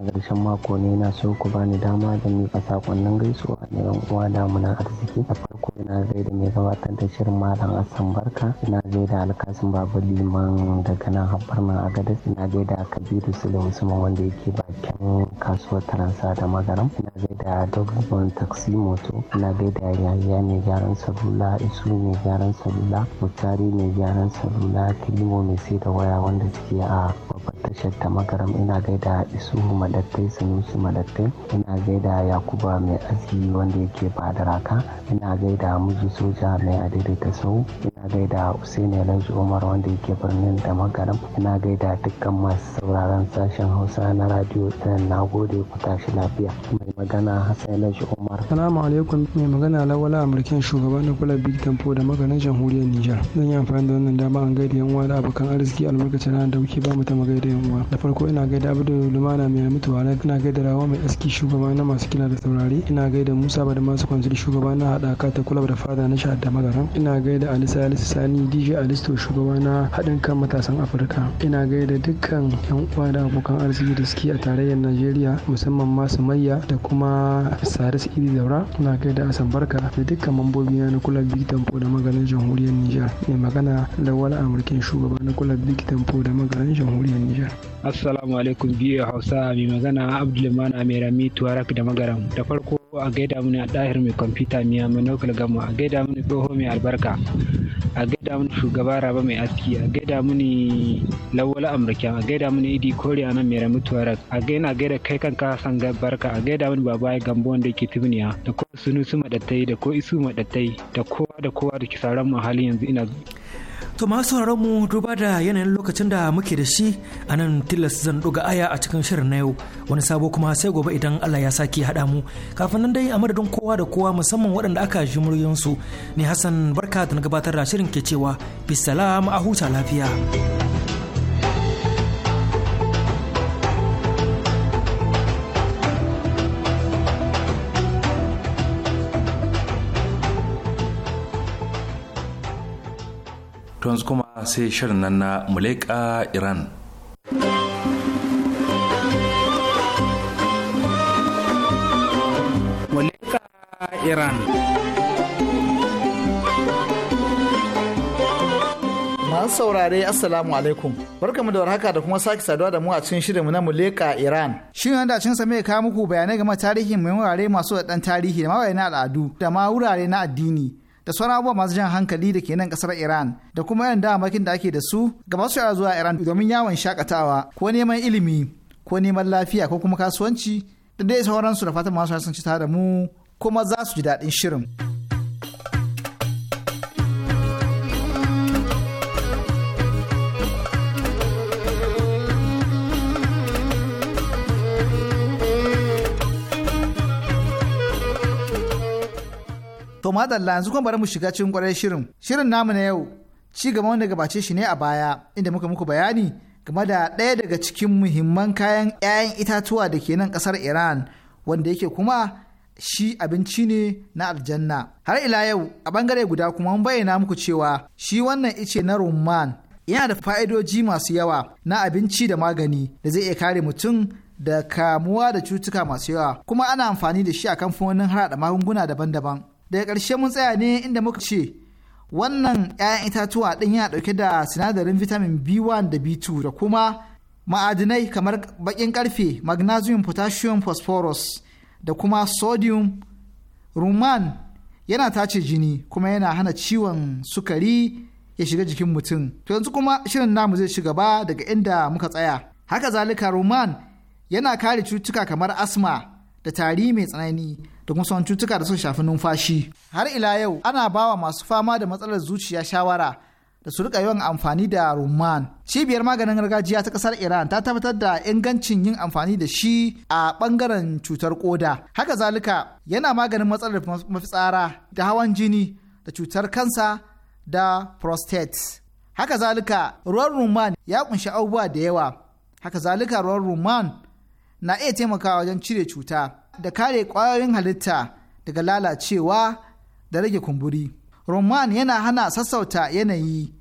A ƙarshen mako ne na so ku bani dama da mika sakonnin gaisuwa na yan uwa da muna arziki. a farko ina gaida mai gabatar da shirin Malam Hassan Barka, ina gaida alkasin Baba Liman daga nan Habbarma a Gadas, ina gaida Kabiru Sule musamman wanda yake bakin kasuwar Taransa da Magaram, ina gaida dogon Taxi Moto, ina gaida yaya mai gyaran salula, Isu mai gyaran salula, Mutari mai gyaran salula, Kilimo mai sai da waya wanda suke a babbar tashar ta Magaram, ina gaida Isu mai madattai sanusi madattai ina gaida yakuba mai aski wanda yake fadaraka ina gaida muji soja mai ta sau ina gaida usaini alhaji umar wanda yake birnin da magaram ina gaida dukkan masu sauraron sashen hausa na radio ɗin na gode ku tashi lafiya mai magana hassan alhaji umar salamu alaikum mai magana lawala amurkin shugaban na kula big tempo da maganin jamhuriyar nijar zan yi amfani da wannan dama an gaida yan uwa da abokan arziki albarkacin ranar da kuke ba mu ta magaida yan uwa da farko ina gaida abu da lumana mai na ina gaida rawa mai aski shugaba na masu kina da saurari ina gaida musa ba da masu kwanzir shugaba na haɗaka ta kulab da fada na shahar da magaran ina gaida alisa alisa sani dj alisto shugaba na haɗin kan matasan afirka ina gaida dukkan yan uwa da abokan arziki da suke a tarayyar najeriya musamman masu mayya da kuma saris idi daura ina gaida asan barka da dukkan mambobi na kulab big tempo da maganin jamhuriyar nijar mai magana lawal amurkin shugaba na kulab big tempo da maganin jamhuriyar nijar assalamu alaikum biyu hausa mai magana Abdulman Amirami Tuwarak da Magaram. Da farko a gaida mini a ɗahir mai kwamfuta miya mai naukar gama a gaida mini tsoho mai albarka a gaida mini shugaba raba mai aski a gaida mini lawala amurka a gaida mini idi kori na nan mai rami tuwarak a gaina gaida kai kanka san barka a gaida mini baba ya gambo wanda yake tibiniya da ko sunu su maɗattai da ko isu maɗattai da kowa da kowa da kisaran mu halin yanzu ina To masu mu duba da yanayin lokacin da muke da shi a nan tilas zan ɗuga aya a cikin shirin na yau wani sabo kuma sai gobe idan Allah ya sake haɗa mu kafin nan dai a madadin kowa da kowa musamman waɗanda aka ji su ne Hassan barka da na gabatar da shirin ke cewa bisalam a huta lafiya. to yanzu kuma sai shirin nan na muleka iran masu saurare assalamu alaikum barkamu da warhaka da kuma sake saduwa da mu a cikin shirinmu na muleka iran shirin da cin mai kawo muku bayanai game tarihin mai wurare masu da tarihi da mawaye na al'adu da ma wurare na addini da sauran abubuwa masu jan hankali da ke nan kasar Iran da kuma yan damakin da ake da su ga masu yara zuwa Iran domin yawon shakatawa ko neman ilimi ko neman lafiya ko kuma kasuwanci da dai sauransu da fatan masu sun ci tare da mu kuma za su ji daɗin shirin. To madalla yanzu kuma bari mu shiga cikin kwarai shirin. Shirin namu na yau ci gaba wanda gabace shi ne a baya inda muka muku bayani game da ɗaya daga cikin muhimman kayan 'ya'yan itatuwa da ke nan ƙasar Iran wanda yake kuma shi abinci ne na aljanna. Har ila yau a bangare guda kuma mun bayyana muku cewa shi wannan ice na rumman yana da fa'idoji masu yawa na abinci da magani da zai iya kare mutum da kamuwa da cutuka masu yawa kuma ana amfani da shi a kamfanonin harada magunguna daban-daban. daga ƙarshe mun tsaya ne inda muka ce wannan 'ya'yan itatuwa ɗin yana ɗauke da sinadarin vitamin b1 da b2 da kuma ma'adinai kamar baƙin ƙarfe magnesium potassium phosphorus da kuma sodium ruman yana tace jini kuma yana hana ciwon sukari ya shiga jikin mutum to yanzu kuma shirin namu zai ci gaba daga inda muka tsaya haka zalika ruman yana kare cutuka kamar asma da tari mai tsanani da kuma sauran cutuka da suka shafi numfashi. Har ila yau ana bawa masu fama da matsalar zuciya shawara da su rika yawan amfani da rumman. Cibiyar maganin gargajiya ta kasar Iran ta tabbatar da ingancin yin amfani da shi a bangaren cutar koda. Haka zalika yana maganin matsalar mafitsara da hawan jini da cutar kansa da prostate. Haka zalika ruwan rumman ya kunshi abubuwa da yawa. Haka zalika ruwan rumman na iya taimakawa wajen cire cuta. da kare kwayoyin halitta daga lalacewa da rage kumburi. Roman yana hana sassauta yanayi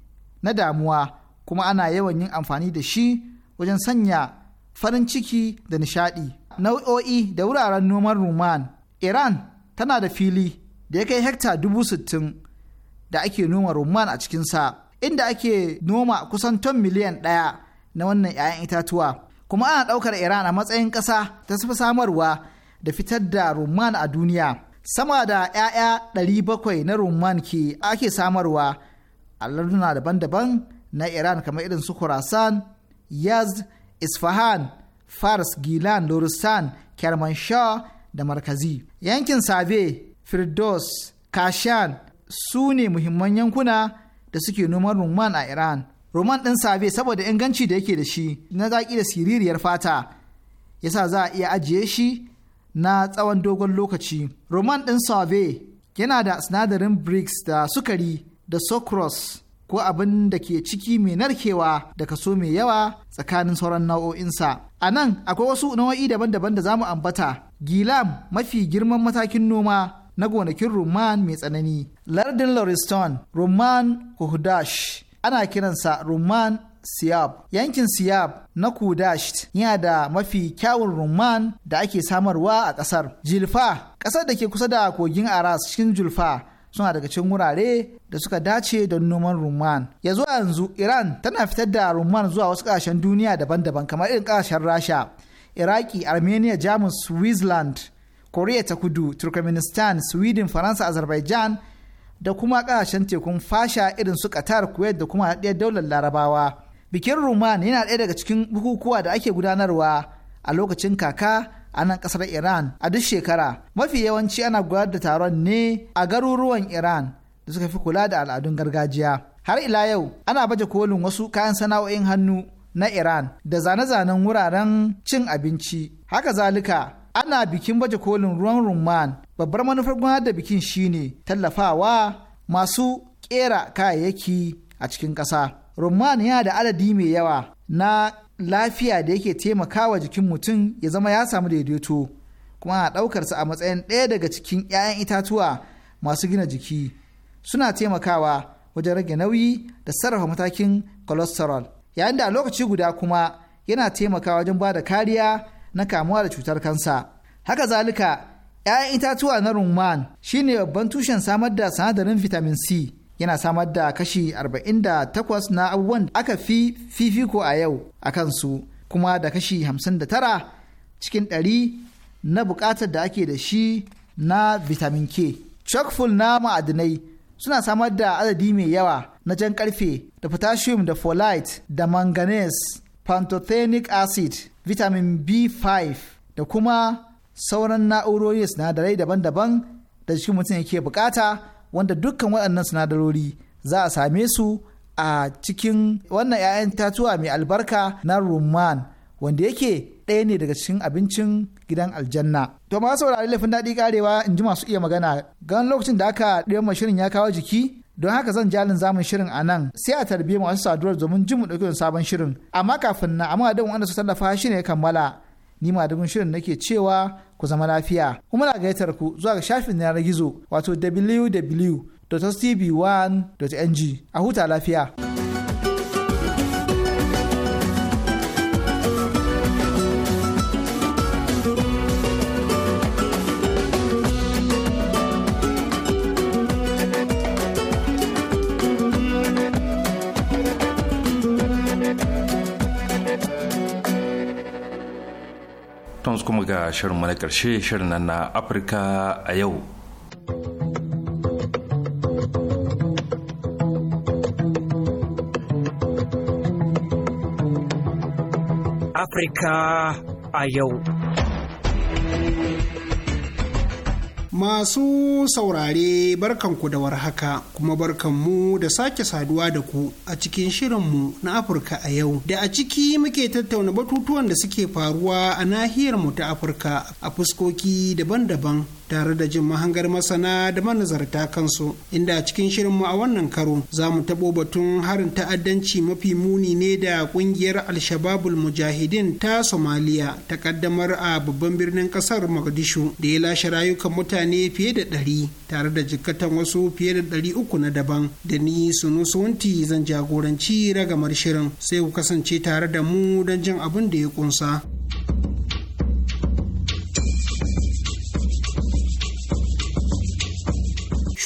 na damuwa kuma ana yawan yin amfani da shi wajen sanya farin ciki da nishaɗi. Nau'o'i da wuraren noman Roman, Iran tana da fili da ya kai hekta dubu sittin da ake noma Roman a cikinsa, inda ake noma kusan ton miliyan ɗaya na wannan 'ya'yan itatuwa. Kuma ana ɗaukar Iran a matsayin ƙasa ta samarwa da fitar da rumman a duniya sama da 'ya'ya 700 na rumman ke ake samarwa a larduna daban-daban na iran kamar irin su khorasan yaz isfahan fars gilan loristan kermanshah da markazi yankin save firdos kashan su ne muhimman yankuna da suke noman rumman a iran rumman ɗin save saboda inganci da yake da shi na zaƙi da siririyar fata yasa za a iya ajiye shi na tsawon dogon lokaci. Roman ɗin Sauve yana da sinadarin BRICS da sukari da sucrose ko abin da ke ciki mai narkewa da kaso mai yawa tsakanin sauran nau'o'insa. A nan akwai wasu nau'o'i daban-daban da za mu ambata. Gilam mafi girman matakin noma na gonakin Roman mai tsanani. Lardin Lauriston, Roman Kohudash, ana kiransa Roman Siyab. Yankin Siyab na Kudash yana da mafi kyawun rumman da ake samarwa a ƙasar. Jilfa, ƙasar da ke kusa da kogin Aras cikin Julfa suna daga cikin wurare da suka dace don noman rumman. Ya zuwa yanzu Iran tana fitar da rumman zuwa wasu ƙasashen duniya daban-daban kamar irin ƙasashen Rasha, Iraki, Armenia, Jamus, Switzerland, korea ta Kudu, Turkmenistan, Sweden, Faransa, Azerbaijan, da kuma ƙasashen tekun fasha irin su Qatar, Kuwait da kuma ɗaya daular Larabawa. bikin ruman yana ɗaya daga cikin bukukuwa da ake gudanarwa a lokacin kaka a nan ƙasar iran a duk shekara mafi yawanci ana gudanar da taron ne a garuruwan iran da suka fi kula da al'adun gargajiya har ila yau ana baje kolin wasu kayan sana'o'in hannu na iran da zane-zanen wuraren cin abinci haka zalika ana bikin baje kolin ruwan rumman babbar manufar gudanar da bikin shine tallafawa masu kera kayayyaki a cikin ƙasa. rumman yana da adadi mai yawa na lafiya da yake taimakawa jikin mutum ya zama ya samu daidaito kuma ana ɗaukarsa a matsayin ɗaya daga cikin 'ya'yan itatuwa masu gina jiki suna taimakawa wajen rage nauyi da sarrafa matakin cholesterol yayin da a lokaci guda kuma yana taimakawa wajen ba da kariya na kamuwa da cutar kansa haka zalika 'ya'yan itatuwa na rumman shine babban tushen samar da sinadarin vitamin c yana samar da kashi 48 na abubuwan da aka fi fifiko a yau a kansu kuma da kashi 59 cikin 100 na bukatar da ake da shi na vitamin K. Chockful na ma'adinai suna samar da adadi mai yawa na jan karfe da potassium da folate da manganese, pantothenic acid, vitamin B5 da kuma sauran na'urori sinadarai daban-daban da jikin mutum yake bukata wanda dukkan waɗannan sinadarori za a same su a cikin wannan 'ya'yan tatuwa mai albarka na rumman wanda yake ɗaya ne daga cikin abincin gidan aljanna. To ma saurari laifin daɗi karewa in ji masu iya magana gan lokacin da aka ɗaya shirin ya kawo jiki don haka zan jalin zamun shirin a nan sai a tarbiyyar masu saduwar domin jin mu ɗauki sabon shirin amma kafin na amma da wanda su tallafa shi ne kammala ni ma shirin nake cewa ku zama lafiya kuma na gayyatar ku zuwa ga shafin yanar gizo wato www.tv1.ng a huta lafiya. ga shirin na karshe shirin na afirka a yau afirka a yau Masu saurare barkanku da warhaka kuma barkanmu da sake saduwa da ku a cikin shirin mu na Afirka a yau da a ciki muke tattauna batutuwan da suke faruwa a nahiyar mu ta Afirka a fuskoki daban-daban tare da jin mahangar masana da manazarta kansu inda a cikin shirinmu a wannan karo za mu taɓo batun harin ta'addanci mafi muni ne da ƙungiyar alshababul mujahidin ta somaliya ta ƙaddamar a babban birnin ƙasar mogadishu da ya lashe rayukan mutane fiye da ɗari tare da jikkatan wasu fiye da ɗari uku na daban da ni sunu suwanti zan jagoranci ragamar shirin sai ku kasance tare da mu don jin abin da ya ƙunsa.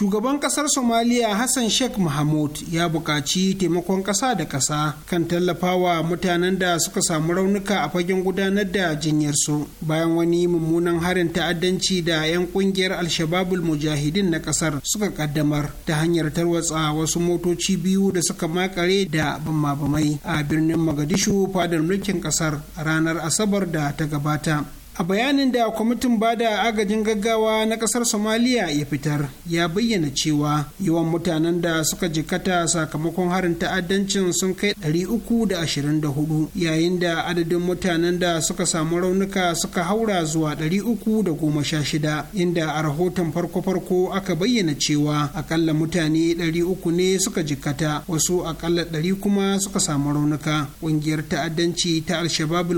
shugaban kasar somaliya hassan sheikh mahmud ya buƙaci taimakon ƙasa da ƙasa kan tallafawa mutanen da suka samu raunuka a fagen gudanar da jinyar su bayan wani mummunan harin ta'addanci da 'yan ƙungiyar alshababul mujahidin na ƙasar suka kaddamar ta hanyar tarwatsa wasu motoci biyu da suka makare da bamabamai a birnin magadishu fadar mulkin ƙasar ranar asabar da ta gabata a bayanin da kwamitin bada agajin gaggawa na kasar somaliya ya fitar ya bayyana cewa yawan mutanen da suka jikata sakamakon harin ta'addancin sun kai 324 yayin da adadin mutanen da suka samu raunuka suka haura zuwa 316 inda a rahoton farko-farko aka bayyana cewa akalla mutane 300 ne suka jikata wasu akalla 100 kuma suka samu raunuka ƙungiyar ta'addanci ta al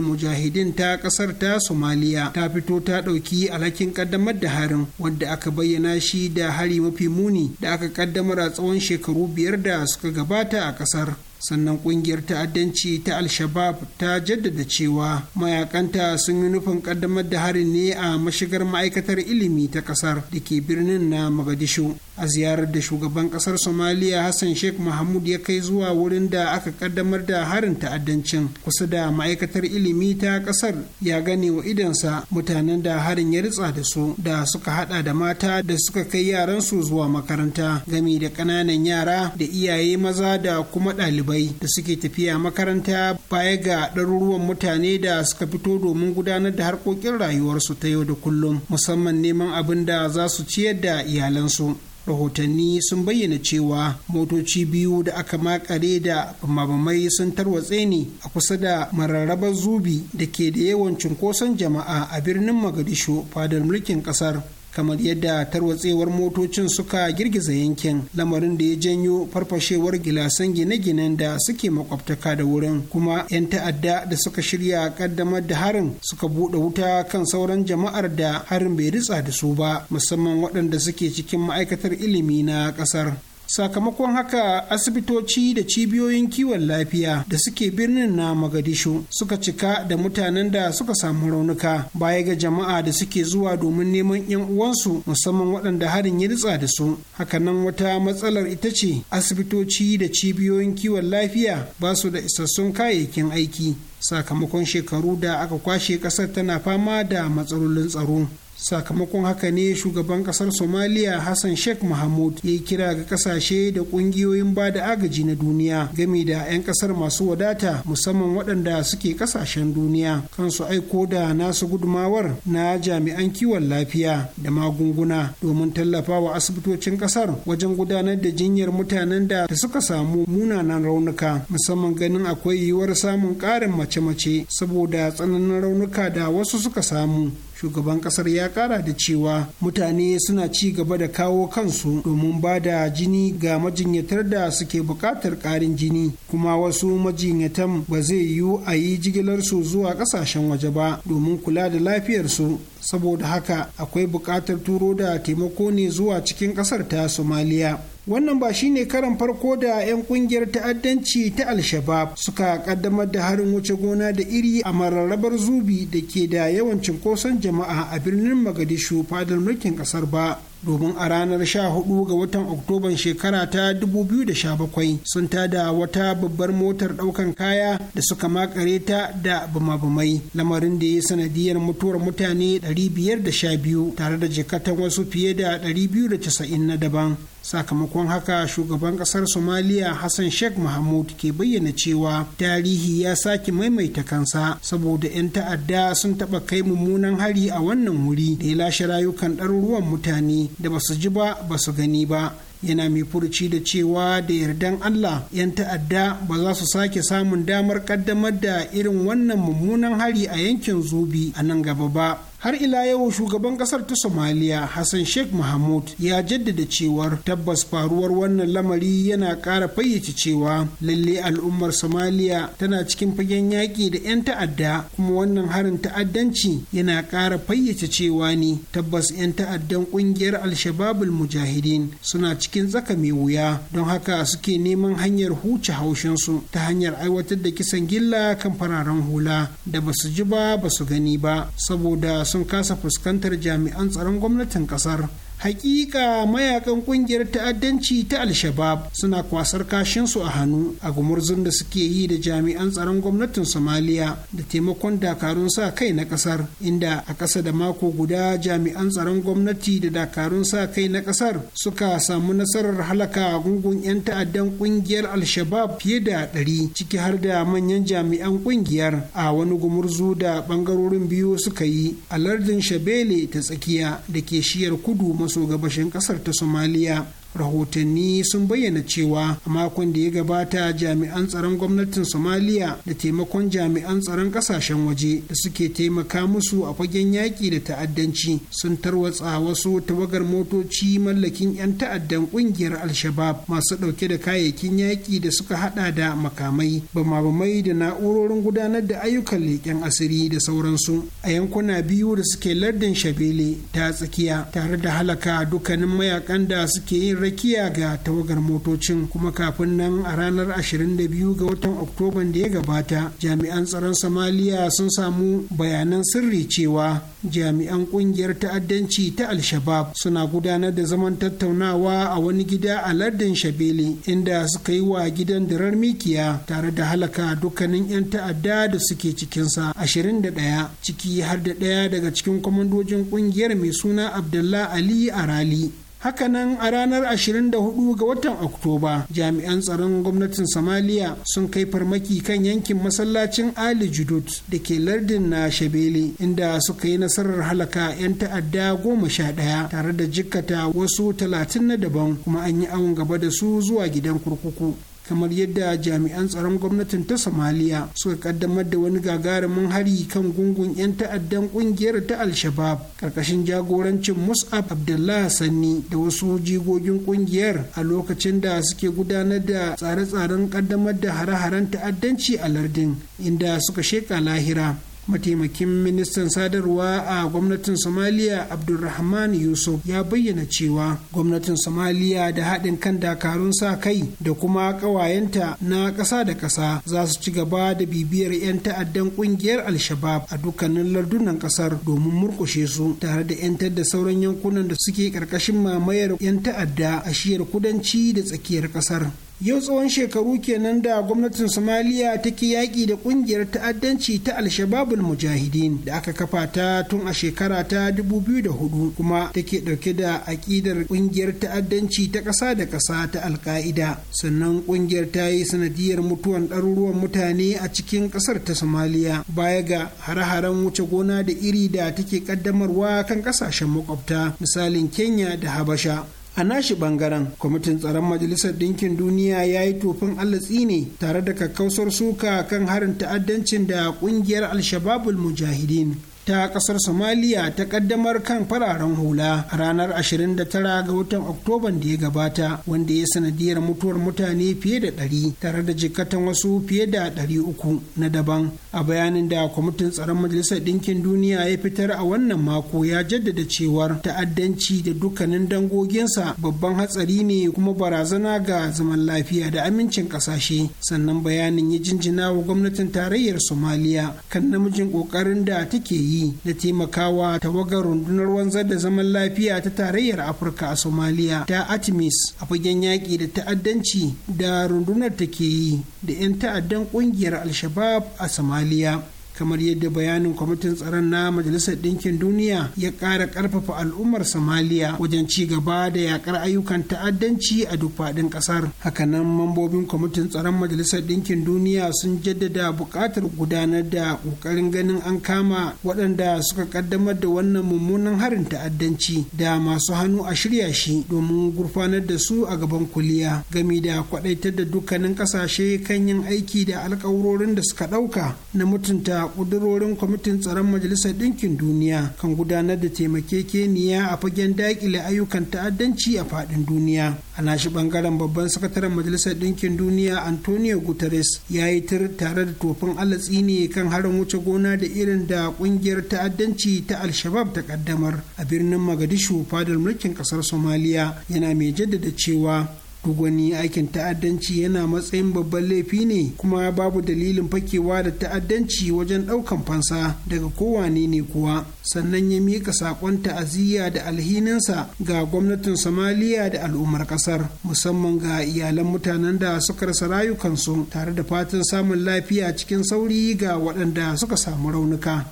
mujahidin ta ƙasar ta somaliya somaliya ta fito ta ɗauki alhakin ƙaddamar da harin wanda aka bayyana shi da hari mafi muni da aka ƙaddamar a tsawon shekaru biyar da suka gabata a ƙasar sannan kungiyar ta'addanci ta al-shabab ta jaddada cewa mayakanta sun yi nufin kaddamar da harin ne a mashigar ma'aikatar ilimi ta ƙasar da ke birnin na magadishu a ziyarar da shugaban kasar somaliya hassan sheikh mahmud ya kai zuwa wurin da aka kaddamar da harin ta'addancin kusa da ma'aikatar ilimi ta kasar ya gane wa idansa mutanen da harin ya ritsa da su da suka hada da mata da suka kai yaransu zuwa makaranta gami da kananan yara da iyaye maza da kuma ɗalibai da suke tafiya makaranta baya ga ɗaruruwan mutane da suka fito domin gudanar da harkokin rayuwarsu ta yau da kullum musamman neman abin da za su ciyar da iyalansu rahotanni sun bayyana cewa motoci biyu da aka makare da mabamai sun tarwatse ne a kusa da mararrabar zubi da ke da yawan cunkoson jama'a a birnin magadishu fadar mulkin kasar kamar yadda tarwatsewar motocin suka girgiza yankin lamarin da ya janyo farfashewar gilasan gine-ginen da suke makwabtaka da wurin kuma 'yan ta'adda da suka shirya kaddamar da harin suka buɗe wuta kan sauran jama'ar da harin bai ritsa da su ba musamman waɗanda suke cikin ma'aikatar ilimi na ƙasar sakamakon haka asibitoci da cibiyoyin kiwon lafiya da suke birnin na magadishu suka cika da mutanen da suka samu raunuka baya ga jama'a da suke zuwa domin neman yan uwansu musamman waɗanda harin ya ritsa da su hakanan wata matsalar ita ce asibitoci da cibiyoyin kiwon lafiya ba su da isassun kayayyakin aiki sakamakon shekaru da aka kwashe ƙasar tana fama da matsalolin tsaro sakamakon haka ne shugaban kasar somaliya hassan sheikh mahmud ya yi kira ga kasashe da kungiyoyin ba da agaji na duniya game da 'yan kasar masu wadata musamman waɗanda suke kasashen duniya kansu aiko da nasu gudumawar na jami'an kiwon lafiya da magunguna domin tallafa wa asibitocin kasar wajen gudanar da jinyar mutanen da suka samu munanan raunuka musamman ganin akwai yiwuwar samun ƙarin mace-mace saboda tsananin raunuka da wasu suka samu shugaban kasar ya kara da cewa mutane suna ci gaba da kawo kansu domin ba da jini ga majinyatar da suke bukatar ƙarin jini kuma wasu majinyatan ba zai yiwu a yi jigilarsu zuwa kasashen waje ba domin kula da lafiyarsu saboda haka akwai buƙatar turo da taimako ne zuwa cikin ƙasar ta somaliya wannan ba shine karan farko da 'yan kungiyar ta'addanci ta alshabab suka kaddamar da harin wuce gona da iri a mararrabar zubi da ke da yawan cinkoson jama'a a birnin magadishu fadar mulkin kasar ba domin a ranar 14 ga watan oktoban shekara ta 2017 sun tada wata babbar motar daukan kaya da suka makare ta da bumabumai lamarin da ya sanadiyar mutuwar mutane 512 tare da jikatan wasu fiye da 290 na daban sakamakon haka shugaban kasar somaliya hassan sheikh mahmud ke bayyana cewa tarihi ya sake maimaita kansa saboda 'yan ta'adda sun taɓa kai mummunan hari a wannan wuri da ya lashe rayukan ɗaruruwan mutane da ba su ji ba ba su gani ba yana mai furci da cewa da yardan Allah 'yan ta'adda ba za su sake samun damar kaddamar da irin wannan mummunan hari a yankin zubi a nan gaba ba har ila yau shugaban kasar ta somaliya hassan sheikh mahmud ya jaddada cewar tabbas faruwar wannan lamari yana ƙara fayyace cewa lalle al'ummar somaliya tana cikin fagen yaƙi da 'yan ta'adda kuma wannan harin ta'addanci yana ƙara fayyace cewa ne tabbas 'yan ta'addan ƙungiyar alshababul mujahidin suna cikin tsaka mai wuya don haka suke neman hanyar huce haushinsu ta hanyar aiwatar da kisan gilla kan fararen hula da ba su ji ba su gani ba saboda sun kasa fuskantar jami'an tsaron gwamnatin kasar hakika mayakan kungiyar ta'addanci ta al-shabab suna kwasar kashinsu a hannu a gumurzun da suke yi da jami'an tsaron gwamnatin somaliya da taimakon dakarun sa kai na kasar inda a ƙasa da mako guda jami'an tsaron gwamnati da dakarun sa kai na kasar suka samu nasarar halaka gungun 'yan ta'addan kungiyar al-shabab fiye da ɗari ciki har da manyan jami'an kungiyar a wani gumurzu da ɓangarorin biyu suka yi a lardin shabele ta tsakiya da ke shiyar kudu maso shugabashin gabashin kasar ta somaliya rahotanni sun bayyana cewa a makon da ya gabata jami'an tsaron gwamnatin somaliya da taimakon jami'an tsaron kasashen waje da suke taimaka musu a fagen yaƙi da ta'addanci sun tarwatsa wasu tawagar motoci mallakin 'yan ta'addan ƙungiyar al-shabab masu ɗauke da kayayyakin yaƙi da suka hada da makamai bamabamai da na'urorin gudanar da ayyukan leƙen asiri da sauransu a yankuna biyu da suke lardin shabele ta tsakiya tare da halaka dukkanin mayakan da suke yin rakiya ga tawagar motocin kuma kafin nan a ranar 22 ga watan oktoban da ya gabata jami'an tsaron somaliya sun samu bayanan sirri cewa jami'an kungiyar ta'addanci ta alshabab suna gudanar da zaman tattaunawa a wani gida a lardin shabele inda suka yi wa gidan dirar mikiya tare da halaka dukkanin 'yan ta'adda da suke cikinsa 21 ciki har da ɗaya daga cikin kwamandojin kungiyar mai suna abdullah ali arali hakanan a ranar 24 ga watan oktoba jami'an tsaron gwamnatin samaliya sun kai farmaki kan yankin masallacin ali judut da ke lardin na shabele inda suka yi nasarar halaka 'yan ta'adda goma sha ɗaya tare da jikkata wasu talatin na daban kuma an yi awon gaba da su zuwa gidan kurkuku kamar yadda jami'an tsaron gwamnatin ta somaliya suka kaddamar da wani gagarumin hari kan gungun 'yan ta'addan kungiyar ta al-shabab karkashin jagorancin mus'ab abdullah sani da wasu jigogin kungiyar a lokacin da suke gudanar da tsare-tsaren kaddamar da hare-haren ta'addanci a lardin inda suka sheka lahira mataimakin ministan sadarwa a gwamnatin somaliya abdulrahman yusuf ya bayyana cewa gwamnatin somaliya da haɗin kan dakarun sa kai da kuma ƙawayenta na ƙasa da ƙasa za su ci gaba da bibiyar 'yan ta'addan ƙungiyar al-shabab a dukkanin lardunan ƙasar domin murƙushe su tare da 'yantar da sauran yankunan da suke ƙarƙashin mamayar 'yan ta'adda a shiyar kudanci da tsakiyar ƙasar yau tsawon shekaru kenan da gwamnatin somaliya take yaƙi da ƙungiyar ta'addanci ta alshababul mujahidin da aka kafa ta tun a shekara ta 2004 kuma take ɗauke da aƙidar ƙungiyar ta'addanci ta ƙasa da ƙasa ta alka'ida sannan ƙungiyar ta yi sanadiyar mutuwan ɗaruruwan mutane a cikin ƙasar ta somaliya baya ga hare-haren wuce gona da iri da take ƙaddamarwa kan ƙasashen makwabta misalin kenya da habasha a nashi bangaren kwamitin tsaron majalisar ɗinkin duniya ya yi tofin allatsi ne tare da kakkausar suka kan harin ta'addancin da ƙungiyar al-shababul mujahideen ta kasar somaliya ta kaddamar kan fararen hula a ranar 29 ga watan oktoban da ya gabata wanda ya sanadiyar mutuwar mutane fiye da 100 tare da jikatan wasu fiye da 300 na daban a bayanin da kwamitin tsaron majalisar ɗinkin duniya ya fitar a wannan mako ya jaddada cewar ta'addanci da dukkanin dangoginsa babban hatsari ne kuma barazana ga zaman lafiya da amincin ƙasashe sannan bayanin ya jinjina wa gwamnatin tarayyar somaliya kan namijin ƙoƙarin da take yi yi da taimakawa tawagar rundunar wanzar da zaman lafiya ta tarayyar afirka a somaliya ta artemis a fagen yaƙi da ta'addanci da rundunar take yi da 'yan ta'addan ƙungiyar al-shabab a somaliya kamar yadda bayanin kwamitin tsaron na majalisar ɗinkin duniya ya ƙara ƙarfafa al'ummar somaliya wajen ci gaba da yakar ayyukan ta'addanci a duk faɗin ƙasar hakanan mambobin kwamitin tsaron majalisar ɗinkin duniya sun jaddada buƙatar gudanar da ƙoƙarin ganin an kama waɗanda suka ƙaddamar da wannan mummunan harin ta'addanci da masu hannu a shirya shi domin gurfanar da su a gaban kuliya gami da kwaɗaitar da dukkanin ƙasashe kan yin aiki da alƙawurorin da suka ɗauka na mutunta da kwamitin tsaron majalisar ɗinkin duniya kan gudanar da taimakekeniya a fagen daƙile ayyukan ta'addanci a faɗin duniya a nashi ɓangaren babban sakataren majalisar ɗinkin duniya antonio guterres ya yi tir tare da tofin alatsi ne kan harin wuce gona da irin da ƙungiyar ta'addanci ta alshabab ta ƙaddamar a birnin magadishu fadar mulkin ƙasar somaliya yana mai jaddada cewa duk aikin ta'addanci yana matsayin babban laifi ne kuma babu dalilin fakewa da ta'addanci wajen ɗaukan fansa daga kowane ne kuwa sannan ya mika saƙon ta'aziyya da alhininsa ga gwamnatin somaliya da al'ummar ƙasar musamman ga iyalan mutanen da suka rasa rayukansu tare da fatan samun lafiya cikin sauri ga waɗanda suka samu raunuka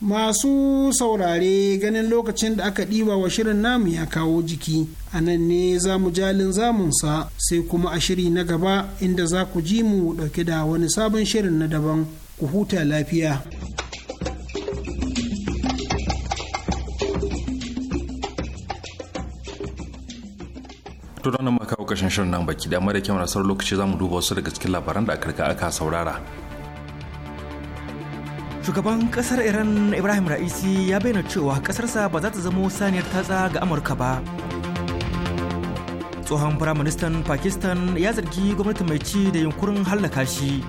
Masu saurare ganin lokacin da aka ɗiba wa shirin namu ya kawo jiki, a nan ne za mu jalin zamunsa sai kuma a shiri na gaba inda za ku ji mu ɗauke da wani sabon shirin na daban ku huta lafiya. to ranar makawa kashin shirin nan baki da mara kyau na lokaci za mu duba wasu daga cikin labaran da aka saurara shugaban kasar iran ibrahim ra'isi ya bayyana cewa kasarsa ba za ta zamo saniyar tatsa ga amurka ba tsohon firaministan pakistan ya zargi gwamnati mai ci da yunkurin hallaka shi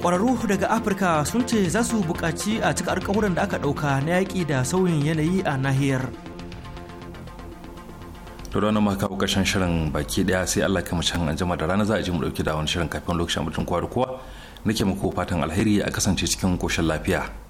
kwararru daga afirka sun ce za su buƙaci a cika alkawuran da aka ɗauka na yaƙi da sauyin yanayi a nahiyar da rana maka ƙarshen shirin baki daya sai allah kama can an jima da rana za a ji mu ɗauki da wani shirin kafin lokacin mutum kwa da kowa nake muku fatan alheri a kasance cikin koshin lafiya